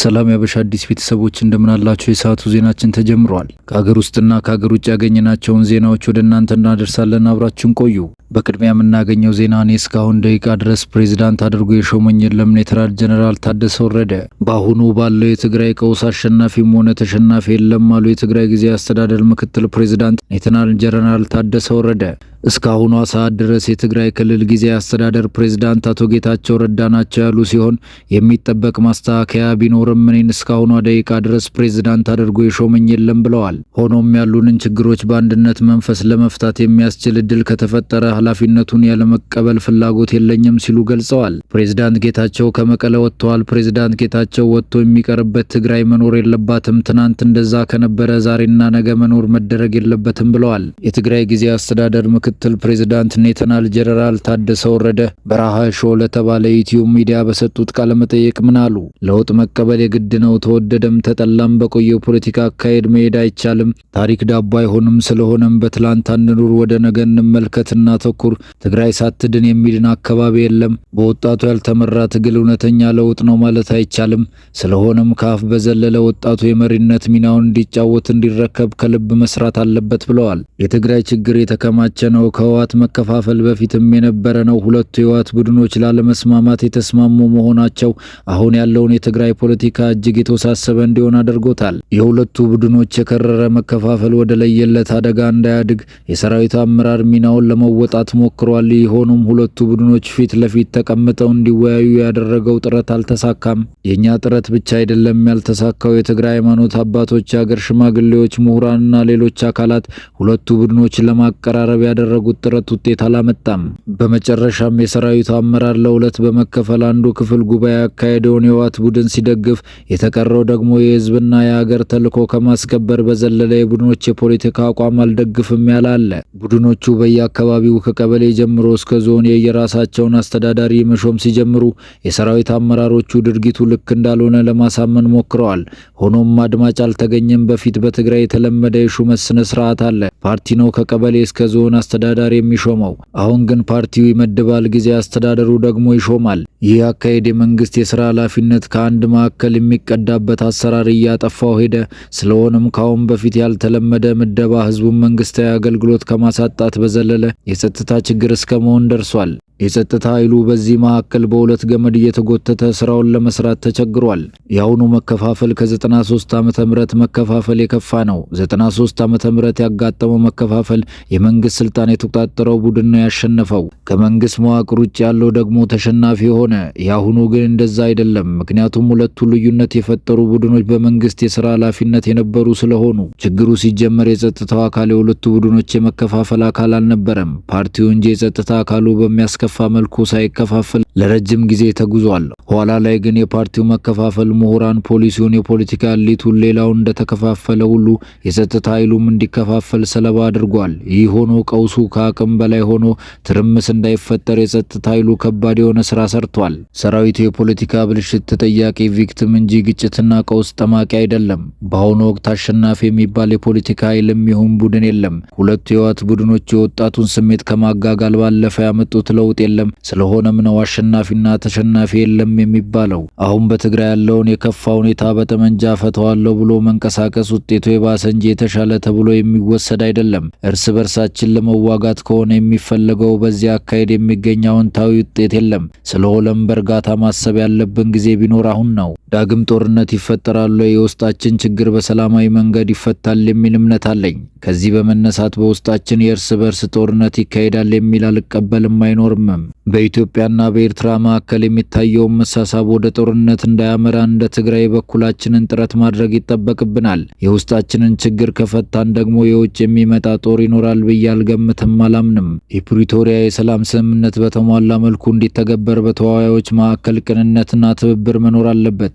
ሰላም ያበሻ አዲስ ቤተሰቦች እንደምን አላችሁ? የሰዓቱ ዜናችን ተጀምሯል። ከሀገር ውስጥና ከሀገር ውጭ ያገኘናቸውን ዜናዎች ወደ እናንተ እናደርሳለን። አብራችን ቆዩ። በቅድሚያ የምናገኘው ዜና እኔ እስካሁን ደቂቃ ድረስ ፕሬዚዳንት አድርጎ የሾመኝ የለም ሌተናል ጀነራል ታደሰ ወረደ። በአሁኑ ባለው የትግራይ ቀውስ አሸናፊም ሆነ ተሸናፊ የለም አሉ የትግራይ ጊዜ አስተዳደር ምክትል ፕሬዚዳንት ሌተናል ጀነራል ታደሰ ወረደ። እስካሁኗ ሰዓት ድረስ የትግራይ ክልል ጊዜ አስተዳደር ፕሬዚዳንት አቶ ጌታቸው ረዳ ናቸው ያሉ ሲሆን የሚጠበቅ ማስተካከያ ቢኖርም እኔን እስካሁኗ ደቂቃ ድረስ ፕሬዚዳንት አድርጎ የሾመኝ የለም ብለዋል። ሆኖም ያሉንን ችግሮች በአንድነት መንፈስ ለመፍታት የሚያስችል እድል ከተፈጠረ ኃላፊነቱን ያለመቀበል ፍላጎት የለኝም ሲሉ ገልጸዋል። ፕሬዝዳንት ጌታቸው ከመቀለ ወጥተዋል። ፕሬዝዳንት ጌታቸው ወጥቶ የሚቀርበት ትግራይ መኖር የለባትም፣ ትናንት እንደዛ ከነበረ ዛሬና ነገ መኖር መደረግ የለበትም ብለዋል። የትግራይ ጊዜ አስተዳደር ምክትል ፕሬዝዳንት ኔተናል ጀነራል ታደሰ ወረደ በረሃ ሾ ለተባለ ዩቲዩብ ሚዲያ በሰጡት ቃለ መጠየቅ ምን አሉ? ለውጥ መቀበል የግድ ነው። ተወደደም ተጠላም በቆየው ፖለቲካ አካሄድ መሄድ አይቻልም። ታሪክ ዳቦ አይሆንም። ስለሆነም በትላንት አንኑር፣ ወደ ነገ እንመልከትና ስናተኩር ትግራይ ሳትድን የሚድን አካባቢ የለም። በወጣቱ ያልተመራ ትግል እውነተኛ ለውጥ ነው ማለት አይቻልም። ስለሆነም ከአፍ በዘለለ ወጣቱ የመሪነት ሚናውን እንዲጫወት እንዲረከብ ከልብ መስራት አለበት ብለዋል። የትግራይ ችግር የተከማቸ ነው። ከህወሓት መከፋፈል በፊትም የነበረ ነው። ሁለቱ የህወሓት ቡድኖች ላለመስማማት የተስማሙ መሆናቸው አሁን ያለውን የትግራይ ፖለቲካ እጅግ የተወሳሰበ እንዲሆን አድርጎታል። የሁለቱ ቡድኖች የከረረ መከፋፈል ወደ ለየለት አደጋ እንዳያድግ የሰራዊቱ አመራር ሚናውን ለመወጣት ለማውጣት ሞክሯል። ሆኖም ሁለቱ ቡድኖች ፊት ለፊት ተቀምጠው እንዲወያዩ ያደረገው ጥረት አልተሳካም። የእኛ ጥረት ብቻ አይደለም ያልተሳካው። የትግራይ ሃይማኖት አባቶች፣ የአገር ሽማግሌዎች፣ ምሁራንና ሌሎች አካላት ሁለቱ ቡድኖች ለማቀራረብ ያደረጉት ጥረት ውጤት አላመጣም። በመጨረሻም የሰራዊቱ አመራር ለሁለት በመከፈል አንዱ ክፍል ጉባኤ ያካሄደውን የዋት ቡድን ሲደግፍ፣ የተቀረው ደግሞ የህዝብና የአገር ተልዕኮ ከማስከበር በዘለለ የቡድኖች የፖለቲካ አቋም አልደግፍም ያለ አለ። ቡድኖቹ በየአካባቢው ከቀበሌ ጀምሮ እስከ ዞን የየራሳቸውን አስተዳዳሪ መሾም ሲጀምሩ የሰራዊት አመራሮቹ ድርጊቱ ልክ እንዳልሆነ ለማሳመን ሞክረዋል። ሆኖም አድማጭ አልተገኘም። በፊት በትግራይ የተለመደ የሹመት ስነ ስርዓት አለ። ፓርቲ ነው ከቀበሌ እስከ ዞን አስተዳዳሪ የሚሾመው። አሁን ግን ፓርቲው ይመድባል፣ ጊዜ አስተዳደሩ ደግሞ ይሾማል። ይህ አካሄድ የመንግስት የስራ ኃላፊነት ከአንድ ማዕከል የሚቀዳበት አሰራር እያጠፋው ሄደ። ስለሆነም ከአሁን በፊት ያልተለመደ ምደባ ህዝቡን መንግስታዊ አገልግሎት ከማሳጣት በዘለለ የጸጥታ ችግር እስከ መሆን ደርሷል። የጸጥታ ኃይሉ በዚህ መካከል በሁለት ገመድ እየተጎተተ ስራውን ለመስራት ተቸግሯል። የአሁኑ መከፋፈል ከ93 ዓ ም መከፋፈል የከፋ ነው። 93 ዓ ም ያጋጠመው መከፋፈል የመንግሥት ሥልጣን የተቆጣጠረው ቡድን ነው ያሸነፈው። ከመንግሥት መዋቅር ውጭ ያለው ደግሞ ተሸናፊ ሆነ። የአሁኑ ግን እንደዛ አይደለም። ምክንያቱም ሁለቱ ልዩነት የፈጠሩ ቡድኖች በመንግሥት የሥራ ኃላፊነት የነበሩ ስለሆኑ ችግሩ ሲጀመር የጸጥታው አካል የሁለቱ ቡድኖች የመከፋፈል አካል አልነበረም ፓርቲው እንጂ የጸጥታ አካሉ በሚያስከፍ በሰፋ መልኩ ሳይከፋፈል ለረጅም ጊዜ ተጉዟል። ኋላ ላይ ግን የፓርቲው መከፋፈል ምሁራን ፖሊሲውን፣ የፖለቲካ ሊቱን ሌላው እንደተከፋፈለ ሁሉ የጸጥታ ኃይሉም እንዲከፋፈል ሰለባ አድርጓል። ይህ ሆኖ ቀውሱ ከአቅም በላይ ሆኖ ትርምስ እንዳይፈጠር የጸጥታ ኃይሉ ከባድ የሆነ ስራ ሰርቷል። ሰራዊቱ የፖለቲካ ብልሽት ተጠያቂ ቪክቲም እንጂ ግጭትና ቀውስ ጠማቂ አይደለም። በአሁኑ ወቅት አሸናፊ የሚባል የፖለቲካ ኃይልም ይሁን ቡድን የለም። ሁለቱ የህወሓት ቡድኖች የወጣቱን ስሜት ከማጋጋል ባለፈ ያመጡት ለው ለውጥ የለም። ስለሆነም ነው አሸናፊና ተሸናፊ የለም የሚባለው። አሁን በትግራይ ያለውን የከፋ ሁኔታ በጠመንጃ ፈተዋለሁ ብሎ መንቀሳቀስ ውጤቱ የባሰ እንጂ የተሻለ ተብሎ የሚወሰድ አይደለም። እርስ በርሳችን ለመዋጋት ከሆነ የሚፈለገው በዚያ አካሄድ የሚገኝ አዎንታዊ ውጤት የለም። ስለሆነም በእርጋታ ማሰብ ያለብን ጊዜ ቢኖር አሁን ነው። ዳግም ጦርነት ይፈጠራሉ፣ የውስጣችን ችግር በሰላማዊ መንገድ ይፈታል የሚል እምነት አለኝ። ከዚህ በመነሳት በውስጣችን የእርስ በርስ ጦርነት ይካሄዳል የሚል አልቀበልም አይኖርም አይጠቅምም። በኢትዮጵያና በኤርትራ መካከል የሚታየውን መሳሳብ ወደ ጦርነት እንዳያመራ እንደ ትግራይ የበኩላችንን ጥረት ማድረግ ይጠበቅብናል። የውስጣችንን ችግር ከፈታን ደግሞ የውጭ የሚመጣ ጦር ይኖራል ብዬ አልገምትም፣ አላምንም። የፕሪቶሪያ የሰላም ስምምነት በተሟላ መልኩ እንዲተገበር በተዋዋዮች መካከል ቅንነትና ትብብር መኖር አለበት።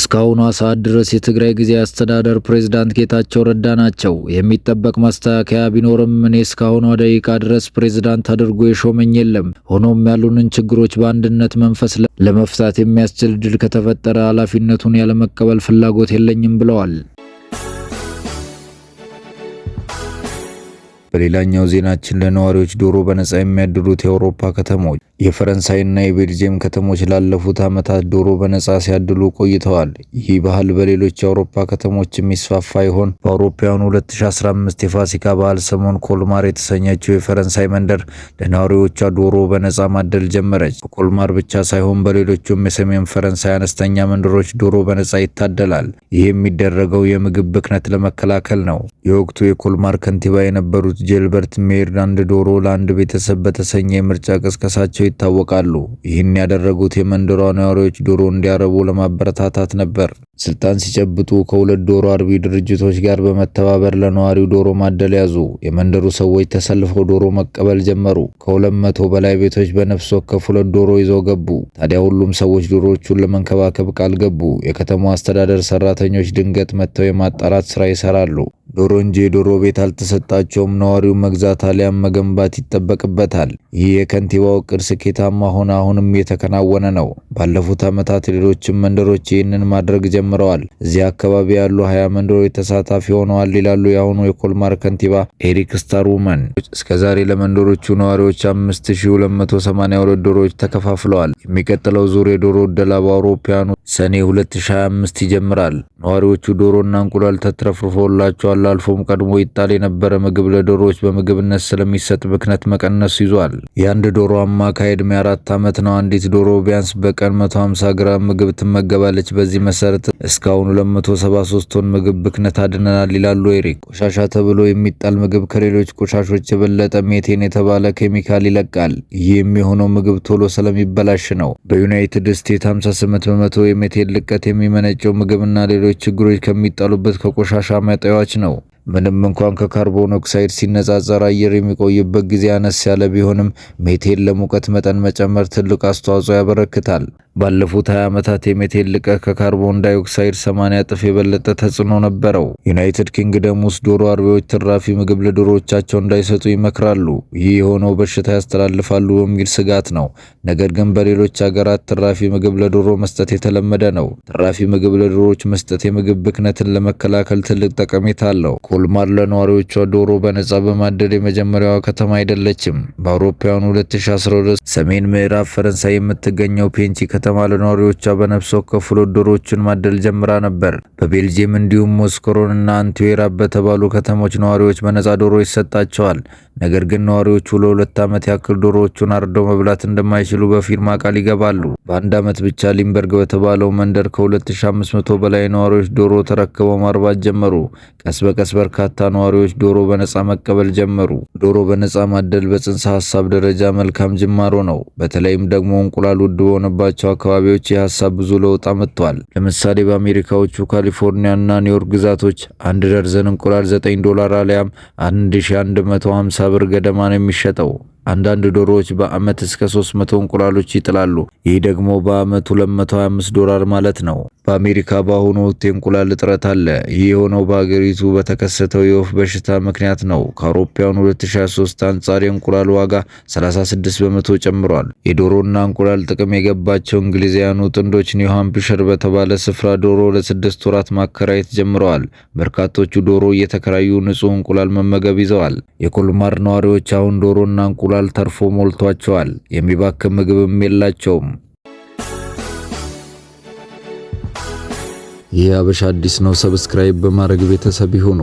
እስካሁኗ ሰዓት ድረስ የትግራይ ጊዜ አስተዳደር ፕሬዝዳንት ጌታቸው ረዳ ናቸው። የሚጠበቅ ማስተካከያ ቢኖርም እኔ እስካሁኗ ደቂቃ ድረስ ፕሬዝዳንት አድርጎ የሾመኝ የለም። ሆኖም ያሉንን ችግሮች በአንድነት መንፈስ ለመፍታት የሚያስችል ድል ከተፈጠረ ኃላፊነቱን ያለመቀበል ፍላጎት የለኝም ብለዋል። በሌላኛው ዜናችን ለነዋሪዎች ዶሮ በነጻ የሚያድሉት የአውሮፓ ከተሞች የፈረንሳይና የቤልጅየም ከተሞች ላለፉት ዓመታት ዶሮ በነጻ ሲያድሉ ቆይተዋል። ይህ ባህል በሌሎች የአውሮፓ ከተሞች የሚስፋፋ ይሆን? በአውሮፓውያኑ 2015 የፋሲካ በዓል ሰሞን ኮልማር የተሰኘችው የፈረንሳይ መንደር ለነዋሪዎቿ ዶሮ በነጻ ማደል ጀመረች። በኮልማር ብቻ ሳይሆን በሌሎቹም የሰሜን ፈረንሳይ አነስተኛ መንደሮች ዶሮ በነጻ ይታደላል። ይህ የሚደረገው የምግብ ብክነት ለመከላከል ነው። የወቅቱ የኮልማር ከንቲባ የነበሩት አባቶች ጄልበርት ሜሪላንድ ዶሮ ለአንድ ቤተሰብ በተሰኘ የምርጫ ቅስቀሳቸው ይታወቃሉ። ይህን ያደረጉት የመንደሯ ነዋሪዎች ዶሮ እንዲያረቡ ለማበረታታት ነበር። ስልጣን ሲጨብጡ ከሁለት ዶሮ አርቢ ድርጅቶች ጋር በመተባበር ለነዋሪው ዶሮ ማደል ያዙ። የመንደሩ ሰዎች ተሰልፈው ዶሮ መቀበል ጀመሩ። ከሁለት መቶ በላይ ቤቶች በነፍስ ወከፍ ሁለት ዶሮ ይዘው ገቡ። ታዲያ ሁሉም ሰዎች ዶሮዎቹን ለመንከባከብ ቃል ገቡ። የከተማው አስተዳደር ሰራተኞች ድንገት መጥተው የማጣራት ስራ ይሰራሉ። ዶሮ እንጂ የዶሮ ቤት አልተሰጣቸውም። ነዋሪው መግዛት አሊያም መገንባት ይጠበቅበታል። ይህ የከንቲባው እቅድ ስኬታማ ሆነ አሁንም የተከናወነ ነው። ባለፉት ዓመታት ሌሎችም መንደሮች ይህንን ማድረግ ጀምረዋል። እዚህ አካባቢ ያሉ ሀያ መንደሮች ተሳታፊ ሆነዋል ይላሉ የአሁኑ የኮልማር ከንቲባ ኤሪክ እስከ እስከዛሬ ለመንደሮቹ ነዋሪዎች 5282 ዶሮዎች ተከፋፍለዋል። የሚቀጥለው ዙር የዶሮ እደላ በአውሮፓውያኑ ሰኔ 2025 ይጀምራል። ነዋሪዎቹ ዶሮና እንቁላል ተትረፍርፎላቸዋል። አልፎም ቀድሞ ይጣል የነበረ ምግብ ለዶሮዎች በምግብነት ስለሚሰጥ ብክነት መቀነስ ይዟል። የአንድ ዶሮ አማካይ ዕድሜ አራት ዓመት ነው። አንዲት ዶሮ ቢያንስ በቀን 150 ግራም ምግብ ትመገባለች። በዚህ መሰረት እስካሁን 273 ቶን ምግብ ብክነት አድነናል ይላሉ ኤሪክ። ቆሻሻ ተብሎ የሚጣል ምግብ ከሌሎች ቆሻሾች የበለጠ ሜቴን የተባለ ኬሚካል ይለቃል። ይህ የሚሆነው ምግብ ቶሎ ስለሚበላሽ ነው። በዩናይትድ ስቴትስ 58 በመቶ የሜቴን ልቀት የሚመነጨው ምግብና ሌሎች ችግሮች ከሚጣሉበት ከቆሻሻ መጣያዎች ነው። кивнул. ምንም እንኳን ከካርቦን ኦክሳይድ ሲነጻጸር አየር የሚቆይበት ጊዜ አነስ ያለ ቢሆንም ሜቴን ለሙቀት መጠን መጨመር ትልቅ አስተዋጽኦ ያበረክታል። ባለፉት 20 ዓመታት የሜቴን ልቀት ከካርቦን ዳይኦክሳይድ 80 እጥፍ የበለጠ ተጽዕኖ ነበረው። ዩናይትድ ኪንግደም ውስጥ ዶሮ አርቢዎች ትራፊ ምግብ ለዶሮዎቻቸው እንዳይሰጡ ይመክራሉ። ይህ የሆነው በሽታ ያስተላልፋሉ በሚል ስጋት ነው። ነገር ግን በሌሎች አገራት ትራፊ ምግብ ለዶሮ መስጠት የተለመደ ነው። ትራፊ ምግብ ለዶሮዎች መስጠት የምግብ ብክነትን ለመከላከል ትልቅ ጠቀሜታ አለው። ቁልማር ለነዋሪዎቿ ዶሮ በነጻ በማደል የመጀመሪያዋ ከተማ አይደለችም። በአውሮፓውያኑ 2012 ሰሜን ምዕራብ ፈረንሳይ የምትገኘው ፔንቺ ከተማ ለነዋሪዎቿ በነፍስ ወከፍ ዶሮዎችን ማደል ጀምራ ነበር። በቤልጅየም እንዲሁም ሞስኮሮን እና አንትዌራፕ በተባሉ ከተሞች ነዋሪዎች በነጻ ዶሮ ይሰጣቸዋል። ነገር ግን ነዋሪዎቹ ለሁለት ዓመት ያክል ዶሮዎቹን አርደው መብላት እንደማይችሉ በፊርማ ቃል ይገባሉ። በአንድ ዓመት ብቻ ሊምበርግ በተባለው መንደር ከ2500 በላይ ነዋሪዎች ዶሮ ተረክበው ማርባት ጀመሩ። ቀስ በቀስ በርካታ ነዋሪዎች ዶሮ በነፃ መቀበል ጀመሩ። ዶሮ በነፃ ማደል በጽንሰ ሀሳብ ደረጃ መልካም ጅማሮ ነው። በተለይም ደግሞ እንቁላል ውድ በሆነባቸው አካባቢዎች የሀሳብ ብዙ ለውጥ አመጥቷል። ለምሳሌ በአሜሪካዎቹ ካሊፎርኒያ እና ኒውዮርክ ግዛቶች አንድ ደርዘን እንቁላል 9 ዶላር አሊያም 1150 ብር ገደማ ነው የሚሸጠው። አንዳንድ ዶሮዎች በዓመት እስከ 300 እንቁላሎች ይጥላሉ። ይህ ደግሞ ለ 225 ዶላር ማለት ነው። በአሜሪካ በአሁኑ ወቅት የእንቁላል እጥረት አለ። ይህ የሆነው በአገሪቱ በተከሰተው የወፍ በሽታ ምክንያት ነው። ከአውሮፓውያኑ 2023 አንጻር የእንቁላል ዋጋ 36 በመቶ ጨምሯል። የዶሮና እንቁላል ጥቅም የገባቸው እንግሊዛውያኑ ጥንዶች ኒው ሃምፕሽር በተባለ ስፍራ ዶሮ ለስድስት ወራት ማከራየት ጀምረዋል። በርካቶቹ ዶሮ እየተከራዩ ንጹህ እንቁላል መመገብ ይዘዋል። የኮልማር ነዋሪዎች አሁን ዶሮና እንቁላል እንቁላል ተርፎ ሞልቷቸዋል። የሚባክም ምግብም የላቸውም። ይህ አበሻ አዲስ ነው። ሰብስክራይብ በማድረግ ቤተሰብ ይሁኑ።